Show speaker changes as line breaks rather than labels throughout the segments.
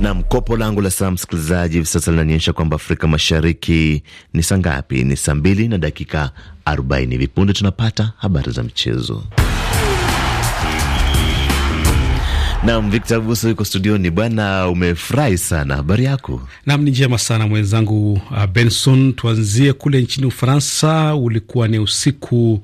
Nam kopo langu la saa msikilizaji hivi sasa linanionyesha kwamba Afrika Mashariki ni saa ngapi? Ni saa mbili na dakika 40. Vipunde tunapata habari za michezo. Nam Victor Buso yuko studioni. Bwana, umefurahi sana, habari
yako? Nam, ni njema sana mwenzangu uh, Benson. Tuanzie kule nchini Ufaransa, ulikuwa ni usiku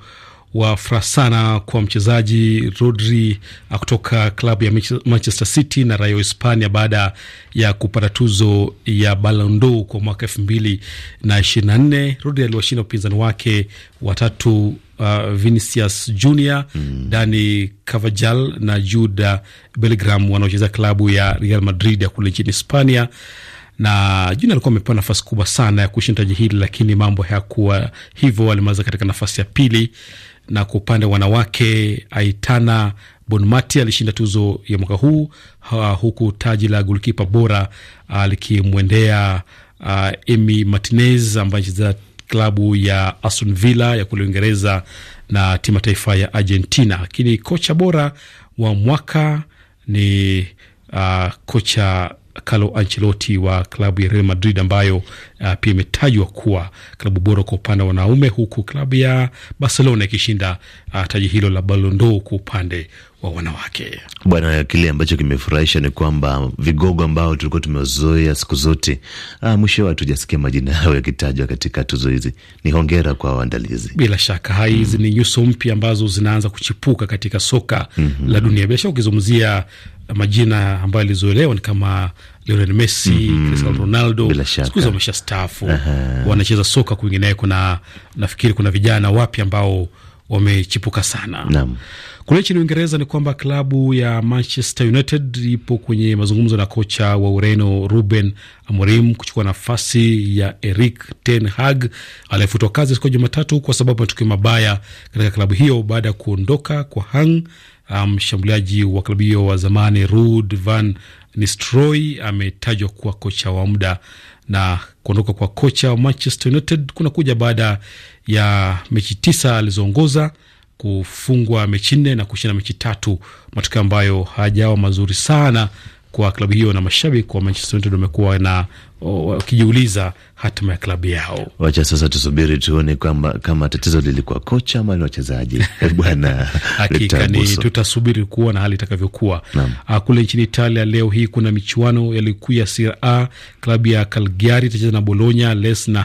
wa sana kwa mchezaji Rodri ah, kutoka klabu ya Manchester City na raia wa Hispania baada ya kupata tuzo ya Ballon d'Or kwa mwaka elfu mbili na ishirini na nne. Rodri aliwashinda upinzani wake watatu Uh, ah, Vinicius Junior mm. Dani Carvajal na Jude Bellingham wanaocheza klabu ya Real Madrid ya kule nchini Hispania. Na Junior alikuwa amepewa nafasi kubwa sana ya kushinda taji hili, lakini mambo hayakuwa hivyo. Alimaliza katika nafasi ya pili na kwa upande wa wanawake Aitana Bonmati alishinda tuzo ya mwaka huu ha, huku taji la golkipa bora ah, likimwendea ah, Emi Martinez ambaye anachezea klabu ya Aston Villa ya kule Uingereza na timu taifa ya Argentina. Lakini kocha bora wa mwaka ni uh, kocha Carlo Ancelotti wa klabu ya Real Madrid ambayo uh, pia imetajwa kuwa klabu bora kwa upande wa wanaume, huku klabu ya Barcelona ikishinda uh, taji hilo la Ballon d'Or kwa upande wa wanawake.
Bwana, kile ambacho kimefurahisha ni kwamba vigogo ambao tulikuwa tumewazoea siku zote, ah, wa hatujasikia majina yao yakitajwa katika tuzo hizi. Ni hongera kwa waandalizi.
Bila shaka mm. hizi mm. ni nyuso mpya ambazo zinaanza kuchipuka katika soka mm -hmm. la dunia. Bila shaka ukizungumzia majina ambayo yalizoelewa ni kama Lionel Messi, mm -hmm. Cristiano Ronaldo, siku hizi wamesha staafu, wanacheza soka kwingineko, na nafikiri kuna vijana wapya ambao wamechipuka sana Naam. Kule nchini Uingereza ni kwamba klabu ya Manchester United ipo kwenye mazungumzo na kocha wa Ureno Ruben Amorim kuchukua nafasi ya Erik ten Hag aliyefutwa kazi siku ya Jumatatu kwa sababu matukio mabaya katika klabu hiyo baada ya kuondoka kwa Hang. Um, mshambuliaji um, wa klabu hiyo wa zamani Ruud van Nistelrooy ametajwa kuwa kocha wa muda na kuondoka kwa kocha wa Manchester United kunakuja baada ya mechi tisa alizoongoza kufungwa mechi nne na kushinda mechi tatu, matokeo ambayo hayajawa mazuri sana kwa klabu hiyo, na mashabiki wa Manchester United wamekuwa na wakijiuliza hatima ya klabu yao.
Wacha sasa tusubiri tuone kwamba kama tatizo lilikuwa kocha ama ni wachezaji eh, bwana. Hakika ni
tutasubiri kuona hali itakavyokuwa. Ah, kule nchini Italia leo hii kuna michuano yalikuu ya Serie A, klabu ya Cagliari itacheza na Bologna, Les na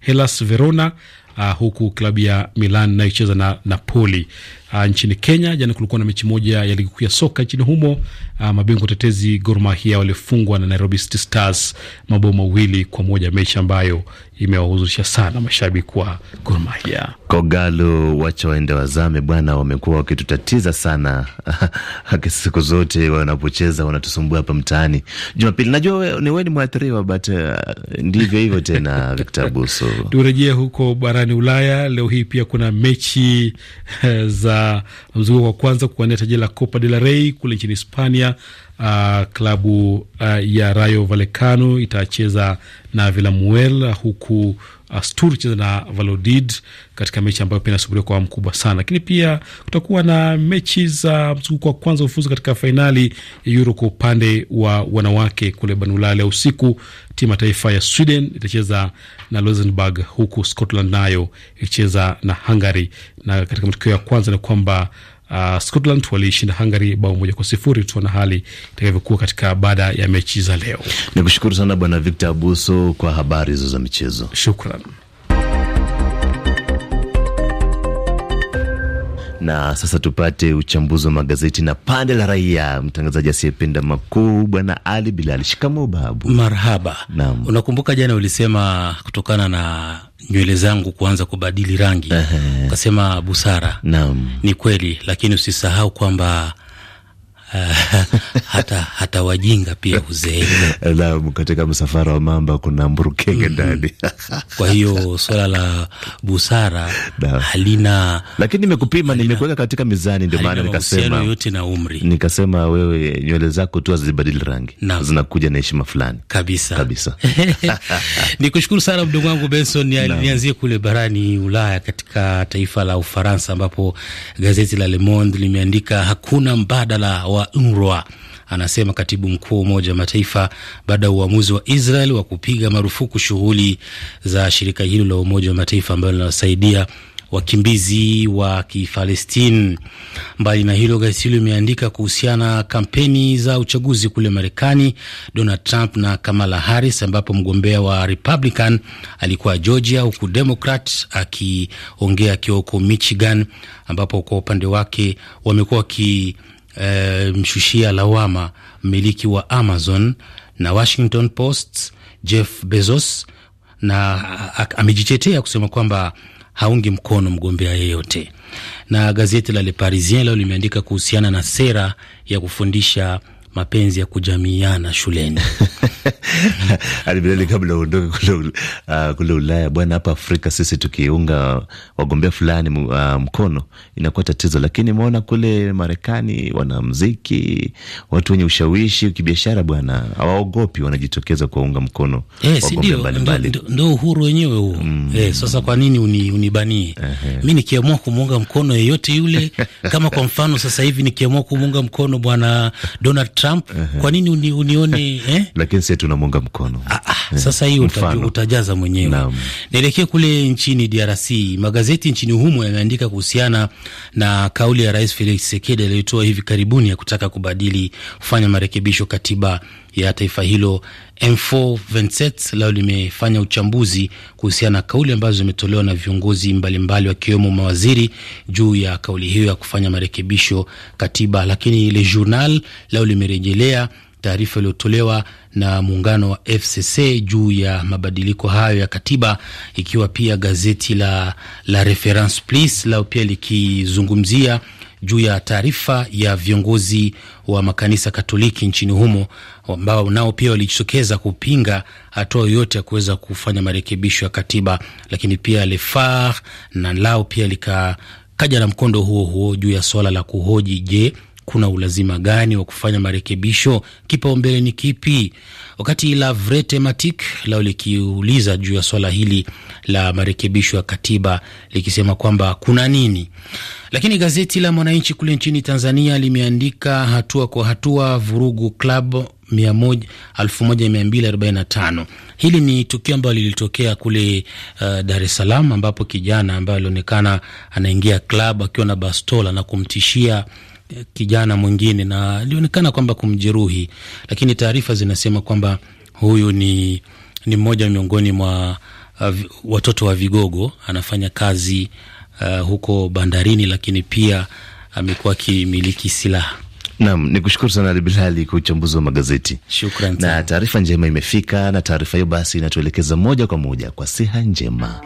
Hellas Verona. Uh, huku klabu ya Milan nayocheza na Napoli uh, nchini Kenya. Jana kulikuwa na mechi moja ya ligi kuu ya soka nchini humo. Uh, mabingwa tetezi Gor Mahia walifungwa na Nairobi City Stars mabao mawili kwa moja, mechi ambayo imewahuzunisha sana mashabiki wa Gor
Mahia.
Kogalo, wacha waende wazame bwana, wamekuwa wakitutatiza sana siku zote wanapocheza wanatusumbua hapa mtaani. Jumapili najua we, ni wewe ni mwathiriwa but uh, ndivyo hivyo tena Victor Buso.
Turejee huko barani Ulaya. Leo hii pia kuna mechi eh, za la mzunguko wa kwanza kuwania taji la Copa del Rey kule nchini Hispania Uh, klabu uh, ya Rayo Vallecano itacheza na Villamuel huku Astur cheza na Valodid katika mechi ambayo pia inasubiriwa kwa mkubwa sana, lakini pia kutakuwa na mechi za mzunguko wa kwanza ufuzu katika fainali ya Euro kwa upande wa wanawake kule Banula. Leo usiku timu ya taifa ya Sweden itacheza na Luxembourg, huku Scotland nayo ikicheza na Hungary, na katika matokeo ya kwanza ni kwamba uh, Scotland waliishinda Hungary bao moja kwa sifuri. Tutaona hali itakavyokuwa katika baada ya mechi za
leo.
Nikushukuru sana Bwana Victor Abuso kwa habari hizo za michezo, shukran. Na sasa tupate uchambuzi wa magazeti na pande la raia. Mtangazaji asiyependa makuu Bwana Ali Bilali, Shikamo babu.
Marhaba. Naam. Unakumbuka jana ulisema kutokana na nywele zangu kuanza kubadili rangi, ukasema busara. Naam. Ni kweli, lakini
usisahau kwamba Eh, hata hata wajinga pia huzeeka. Naam, katika msafara wa mamba kuna mburukenge ndani. Kwa hiyo swala la busara halina, lakini nimekupima, nimekuweka katika mizani, ndio maana nikasema yote na umri, nikasema wewe nywele zako tu hazibadili rangi, na zinakuja na heshima fulani kabisa kabisa.
ni kushukuru sana mdogo wangu Benson, nianzie kule barani Ulaya, katika taifa la Ufaransa ambapo gazeti la Le Monde limeandika hakuna mbadala wa wa UNRWA, anasema katibu mkuu wa Umoja wa Mataifa baada ya uamuzi wa Israel wa kupiga marufuku shughuli za shirika hilo la Umoja wa Mataifa ambalo linawasaidia wakimbizi wa Kifalestini. Mbali na hilo, gazeti hilo limeandika kuhusiana kampeni za uchaguzi kule Marekani, Donald Trump na Kamala Harris, ambapo mgombea wa Republican alikuwa Georgia, huku Democrat akiongea akiwa huko Michigan, ambapo kwa upande wake wamekuwa waki Eh, mshushia lawama mmiliki wa Amazon na Washington Post Jeff Bezos, na amejitetea kusema kwamba haungi mkono mgombea yeyote. Na gazeti la Le Parisien leo limeandika kuhusiana na sera ya kufundisha mapenzi ya kujamiana shuleni
Alibidali, kabla uondoke kule uh, kule Ulaya bwana, hapa Afrika sisi tukiunga wagombea fulani uh, mkono inakuwa tatizo, lakini umeona kule Marekani wanamziki, watu wenye ushawishi kibiashara bwana, hawaogopi wanajitokeza kuwaunga mkono eh, wagombea mbalimbali.
Ndio ndo uhuru wenyewe huo mm. Eh, sasa kwa nini uni, unibanie mi nikiamua kumuunga mkono yeyote yule kama kwa mfano sasa hivi nikiamua kumuunga mkono bwana Donald Trump, kwa nini uni, unione eh?
lakini sisi tuna mnamunga mkono. Ah, yeah. Eh, sasa hiyo utajua,
utajaza mwenyewe. Nielekee kule nchini DRC. Magazeti nchini humo yameandika kuhusiana na kauli ya Rais Felix Tshisekedi aliyotoa hivi karibuni ya kutaka kubadili kufanya marekebisho katiba ya taifa hilo. M427 4 lao limefanya uchambuzi kuhusiana na kauli ambazo zimetolewa na viongozi mbalimbali wakiwemo mawaziri juu ya kauli hiyo ya kufanya marekebisho katiba, lakini Le Journal lao limerejelea taarifa iliyotolewa na muungano wa FCC juu ya mabadiliko hayo ya katiba, ikiwa pia gazeti la la Reference Plus lao pia likizungumzia juu ya taarifa ya viongozi wa makanisa Katoliki nchini humo ambao nao pia walijitokeza kupinga hatua yoyote ya kuweza kufanya marekebisho ya katiba. Lakini pia Le Phare na lao pia likakaja na mkondo huo huo juu ya swala la kuhoji, je, kuna ulazima gani wa kufanya marekebisho? Kipaumbele ni kipi? Wakati la Vretematik lao likiuliza juu ya swala hili la marekebisho ya katiba likisema kwamba kuna nini. Lakini gazeti la Mwananchi kule nchini Tanzania limeandika hatua kwa hatua vurugu klabu 1245. Hili ni tukio ambalo lilitokea kule uh, Dar es Salaam ambapo kijana ambaye alionekana anaingia klab akiwa na bastola na kumtishia Eh, kijana mwingine na alionekana kwamba kumjeruhi, lakini taarifa zinasema kwamba huyu ni, ni mmoja miongoni mwa uh, watoto wa vigogo anafanya kazi uh, huko bandarini, lakini pia amekuwa
akimiliki silaha. Naam, ni kushukuru sana Ali Bilali kwa uchambuzi wa magazeti. Shukran na taarifa njema imefika, na taarifa hiyo basi inatuelekeza moja kwa moja kwa siha njema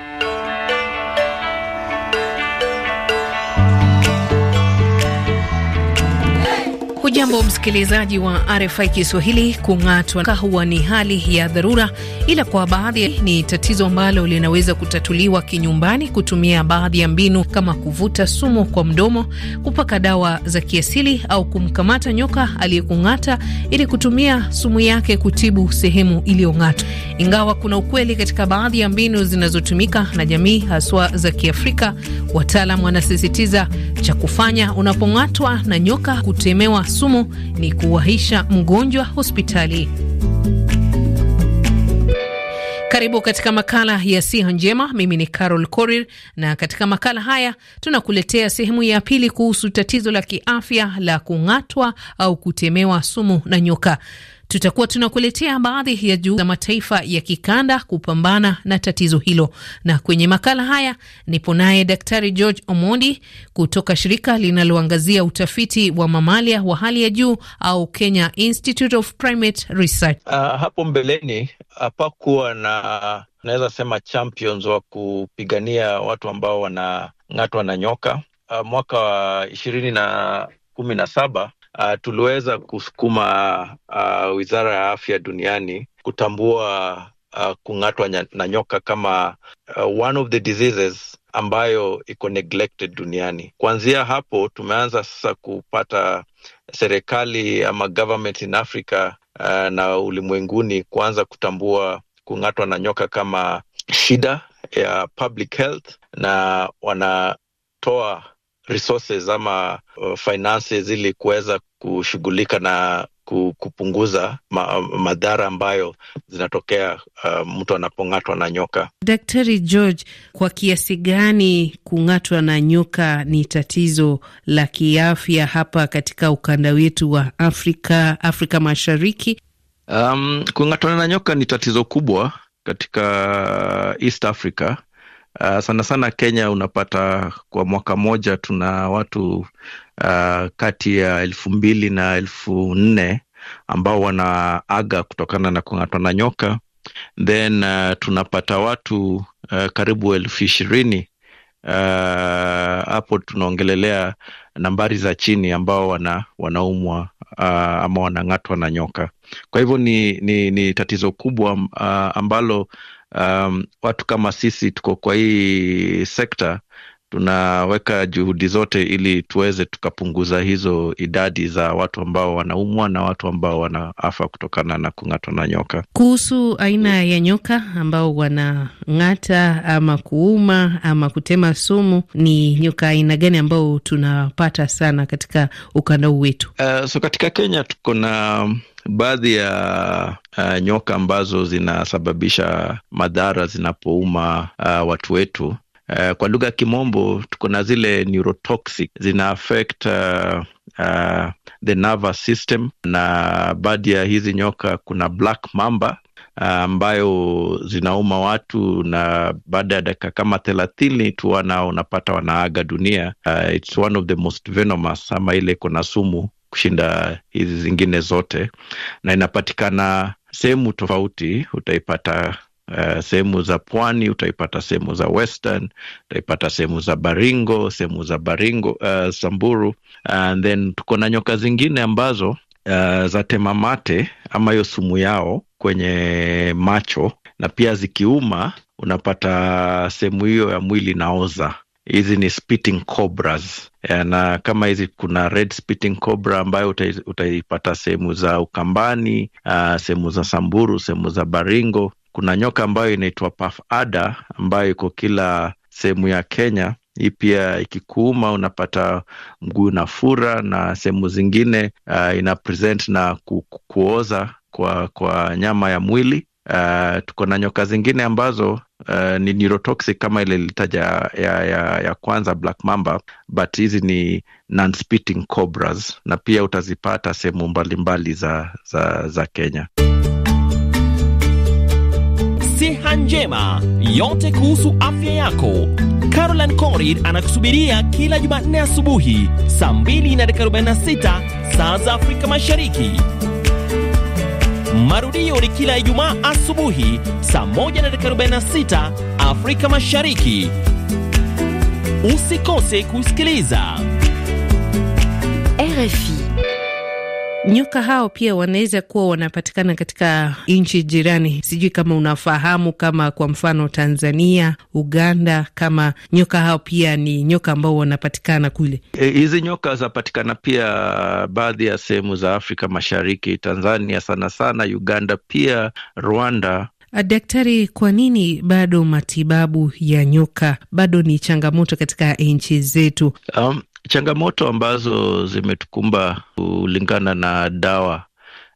Hujambo msikilizaji wa RFI Kiswahili. Kung'atwa huwa ni hali ya dharura, ila kwa baadhi ni tatizo ambalo linaweza kutatuliwa kinyumbani kutumia baadhi ya mbinu kama kuvuta sumu kwa mdomo, kupaka dawa za kiasili au kumkamata nyoka aliyekung'ata ili kutumia sumu yake kutibu sehemu iliyong'atwa. Ingawa kuna ukweli katika baadhi ya mbinu zinazotumika na jamii haswa za Kiafrika, wataalam wanasisitiza cha kufanya unapong'atwa na nyoka kutemewa sumu ni kuwahisha mgonjwa hospitali. Karibu katika makala ya siha njema. Mimi ni Carol Korir, na katika makala haya tunakuletea sehemu ya pili kuhusu tatizo la kiafya la kung'atwa au kutemewa sumu na nyoka. Tutakuwa tunakuletea baadhi ya juhudi za mataifa ya kikanda kupambana na tatizo hilo, na kwenye makala haya nipo naye Daktari George Omondi kutoka shirika linaloangazia utafiti wa mamalia wa hali ya juu au Kenya Institute of Primate Research.
Uh, hapo mbeleni hapakuwa na naweza sema champions wa kupigania watu ambao wanang'atwa na nyoka. Uh, mwaka wa ishirini na kumi na saba uh, tuliweza kusukuma uh, wizara ya afya duniani kutambua uh, kung'atwa na nyoka kama uh, one of the diseases ambayo iko neglected duniani. Kuanzia hapo tumeanza sasa kupata serikali ama government in Africa uh, na ulimwenguni kuanza kutambua kung'atwa na nyoka kama shida ya public health na wanatoa resources ama uh, finances ili kuweza kushughulika na kupunguza ma madhara ambayo zinatokea uh, mtu anapong'atwa na nyoka.
Daktari George, kwa kiasi gani kung'atwa na nyoka ni tatizo la kiafya hapa katika ukanda wetu wa Afrika, Afrika Mashariki?
Um, kung'atwa na nyoka ni tatizo kubwa katika East Africa Uh, sana sana Kenya unapata kwa mwaka moja tuna watu uh, kati ya elfu mbili na elfu nne ambao wanaaga kutokana na kung'atwa na nyoka then uh, tunapata watu uh, karibu elfu ishirini hapo uh, tunaongelelea nambari za chini ambao wana, wanaumwa uh, ama wanang'atwa na nyoka. Kwa hivyo ni, ni, ni tatizo kubwa uh, ambalo um, watu kama sisi tuko kwa hii sekta tunaweka juhudi zote ili tuweze tukapunguza hizo idadi za watu ambao wanaumwa na watu ambao wanaafa kutokana na kung'atwa na nyoka.
Kuhusu aina ya nyoka ambao wanang'ata ama kuuma ama kutema sumu, ni nyoka aina gani ambao tunapata sana katika ukanda huu wetu?
Uh, so katika Kenya tuko na baadhi ya uh, nyoka ambazo zinasababisha madhara zinapouma uh, watu wetu uh, kwa lugha ya kimombo tuko na zile neurotoxic zina affect uh, uh, the nervous system, na baadhi ya hizi nyoka kuna black mamba ambayo zinauma watu na baada ya dakika kama thelathini tu wanao unapata wanaaga dunia. Uh, it's one of the most venomous, ama ile iko na sumu kushinda hizi zingine zote, na inapatikana sehemu tofauti. Utaipata uh, sehemu za pwani, utaipata sehemu za western, utaipata sehemu za Baringo, sehemu za Baringo uh, Samburu, and then tuko na nyoka zingine ambazo uh, za temamate ama hiyo sumu yao kwenye macho, na pia zikiuma unapata sehemu hiyo ya mwili naoza hizi ni spitting cobras na kama hizi kuna red spitting cobra ambayo utaipata sehemu za Ukambani, uh, sehemu za Samburu, sehemu za Baringo. Kuna nyoka ambayo inaitwa puff adder ambayo iko kila sehemu ya Kenya. Hii pia ikikuuma unapata mguu na fura na sehemu zingine uh, ina present na ku, kuoza kwa, kwa nyama ya mwili. Uh, tuko na nyoka zingine ambazo uh, ni neurotoxic kama ile ilitaja ya, ya, ya kwanza black mamba, but hizi ni non-spitting cobras na pia utazipata sehemu mbalimbali za, za, za Kenya.
Siha Njema, yote kuhusu afya yako. carolin Corid anakusubiria kila Jumanne asubuhi saa 2 na dakika 46 saa za Afrika Mashariki. Marudio ni kila Ijumaa asubuhi saa 1 na dakika 46 Afrika Mashariki. Usikose kusikiliza
RFI. Nyoka hao pia wanaweza kuwa wanapatikana katika nchi jirani. Sijui kama unafahamu, kama kwa mfano Tanzania, Uganda, kama nyoka hao pia ni nyoka ambao wanapatikana kule.
E, hizi e, nyoka zapatikana pia baadhi ya sehemu za Afrika Mashariki, Tanzania sana sana, Uganda pia, Rwanda.
Daktari, kwa nini bado matibabu ya nyoka bado ni changamoto katika nchi zetu?
Um, Changamoto ambazo zimetukumba kulingana na dawa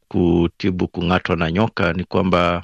kutibu kung'atwa na nyoka ni kwamba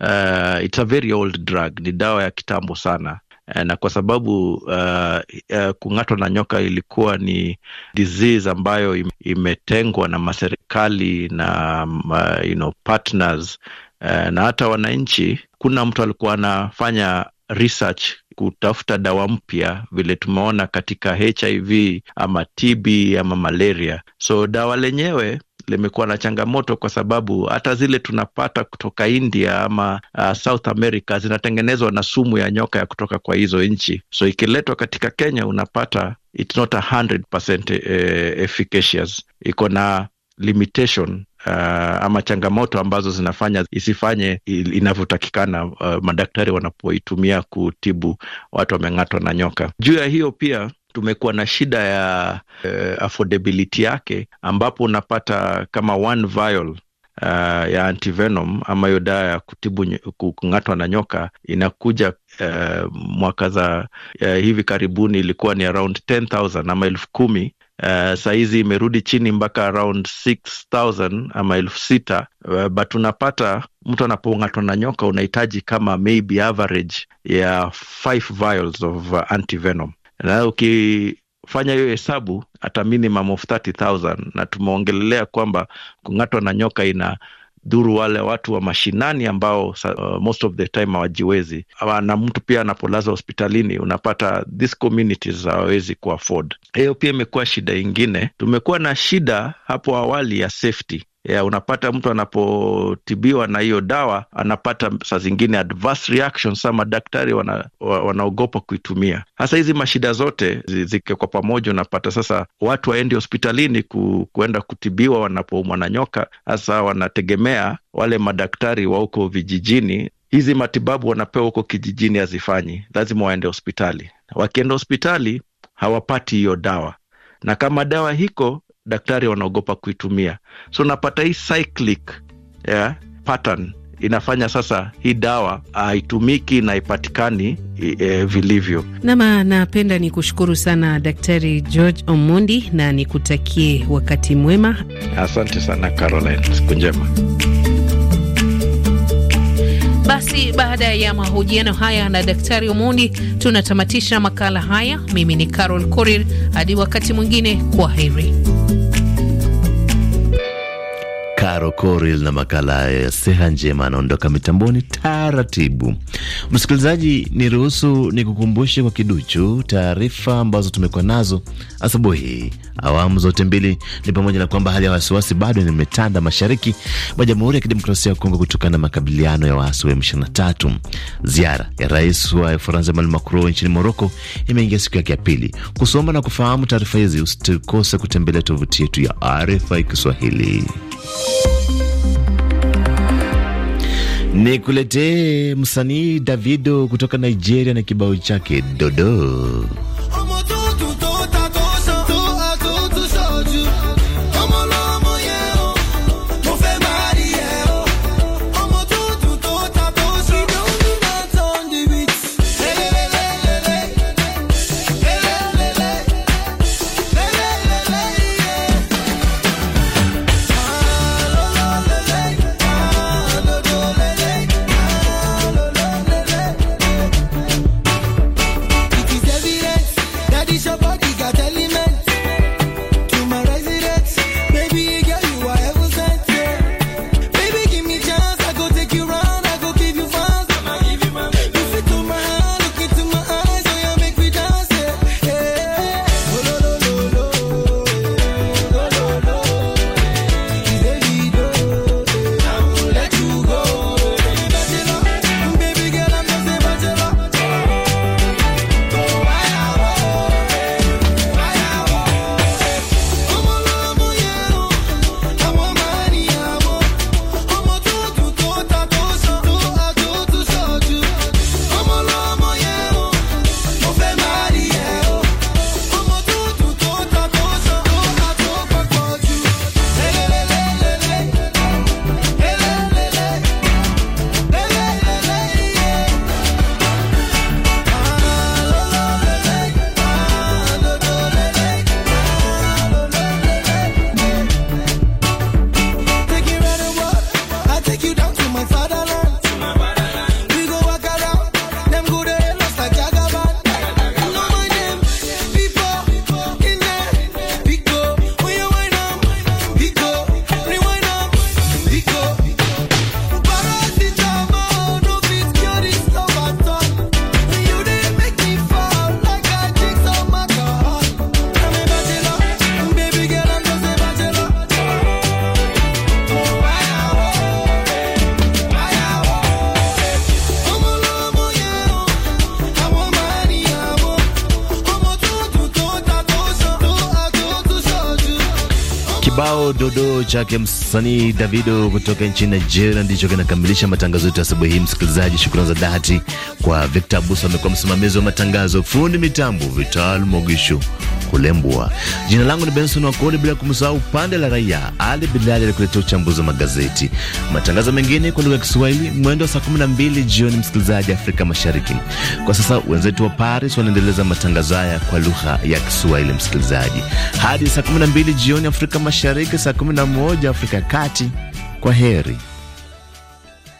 uh, it's a very old drug, ni dawa ya kitambo sana eh, na kwa sababu uh, uh, kung'atwa na nyoka ilikuwa ni disease ambayo imetengwa na maserikali na uh, you know, partners uh, na hata wananchi. Kuna mtu alikuwa anafanya research kutafuta dawa mpya, vile tumeona katika HIV ama TB ama malaria. So dawa lenyewe limekuwa na changamoto kwa sababu hata zile tunapata kutoka India ama uh, South America zinatengenezwa na sumu ya nyoka ya kutoka kwa hizo nchi, so ikiletwa katika Kenya unapata it's not 100% eh, efficacious, iko na limitation uh, ama changamoto ambazo zinafanya isifanye inavyotakikana uh, madaktari wanapoitumia kutibu watu wameng'atwa na nyoka. Juu ya hiyo pia tumekuwa na shida ya uh, affordability yake, ambapo unapata kama one vial Uh, ya antivenom ama hiyo dawa ya kutibu kung'atwa na nyoka inakuja uh, mwaka za uh, hivi karibuni ilikuwa ni around 10,000 ama elfu kumi Eh, sahizi imerudi chini mpaka around 6000 ama elfu sita. Uh, but unapata mtu anapong'atwa na nyoka unahitaji kama maybe average ya 5 vials of uh, antivenom na ukifanya hiyo hesabu hata minimum of 30000 na tumeongelelea kwamba kung'atwa na nyoka ina dhuru wale watu wa mashinani ambao uh, most of the time hawajiwezi, na mtu pia anapolaza hospitalini unapata these communities hawawezi ku Hiyo pia imekuwa shida ingine. Tumekuwa na shida hapo awali ya safety ya, unapata mtu anapotibiwa na hiyo dawa anapata saa zingine adverse reactions, daktari wana, wanaogopa kuitumia. Hasa hizi mashida zote zike kwa pamoja, unapata sasa watu waendi hospitalini ku, kuenda kutibiwa wanapoumwa na nyoka, hasa wanategemea wale madaktari wa huko vijijini hizi matibabu wanapewa huko kijijini hazifanyi, lazima waende hospitali. Wakienda hospitali hawapati hiyo dawa, na kama dawa hiko daktari wanaogopa kuitumia. So unapata hii cyclic yeah, pattern inafanya sasa hii dawa haitumiki na haipatikani e, vilivyo.
Nama napenda ni kushukuru sana Daktari George Omondi na nikutakie wakati mwema.
Asante sana Caroline, siku njema.
Basi baada ya mahojiano haya na Daktari Omondi, tunatamatisha makala haya. Mimi ni Carol Korir, hadi wakati mwingine, kwa heri.
Taro Koril na makala ya Seha Njema anaondoka mitamboni taratibu. Msikilizaji, niruhusu nikukumbushe kwa kiduchu taarifa ambazo tumekuwa nazo asubuhi. Awamu zote mbili ni pamoja na kwamba hali ya wasiwasi bado imetanda mashariki mwa Jamhuri ya Kidemokrasia ya Kongo kutokana na makabiliano ya waasi wa M23. Ziara ya rais wa Ufaransa Emmanuel Macron nchini Moroko imeingia siku yake ya pili. Kusoma na kufahamu taarifa hizi, usikose kutembelea tovuti yetu ya RFI Kiswahili ni kuletee msanii Davido kutoka Nigeria na kibao chake Dodo. Kibao dodo chake msanii Davido kutoka nchini Nigeria ndicho kinakamilisha matangazo yetu asubuhi hii. Msikilizaji, shukrani za dhati kwa Victor Abuso, amekuwa msimamizi wa matangazo, fundi mitambo Vital Mogisho kulembwa. Jina langu ni Benson Wakoli, bila kumsahau upande la raia Ali Bilali alikuletea uchambuzi wa magazeti. Matangazo mengine kwa lugha ya Kiswahili mwendo wa saa 12 jioni, msikilizaji Afrika Mashariki. Kwa sasa wenzetu wa Paris wanaendeleza matangazo haya kwa lugha ya Kiswahili, msikilizaji, hadi saa 12 jioni
Afrika Mashariki, saa 11 Afrika ya Kati. Kwa heri.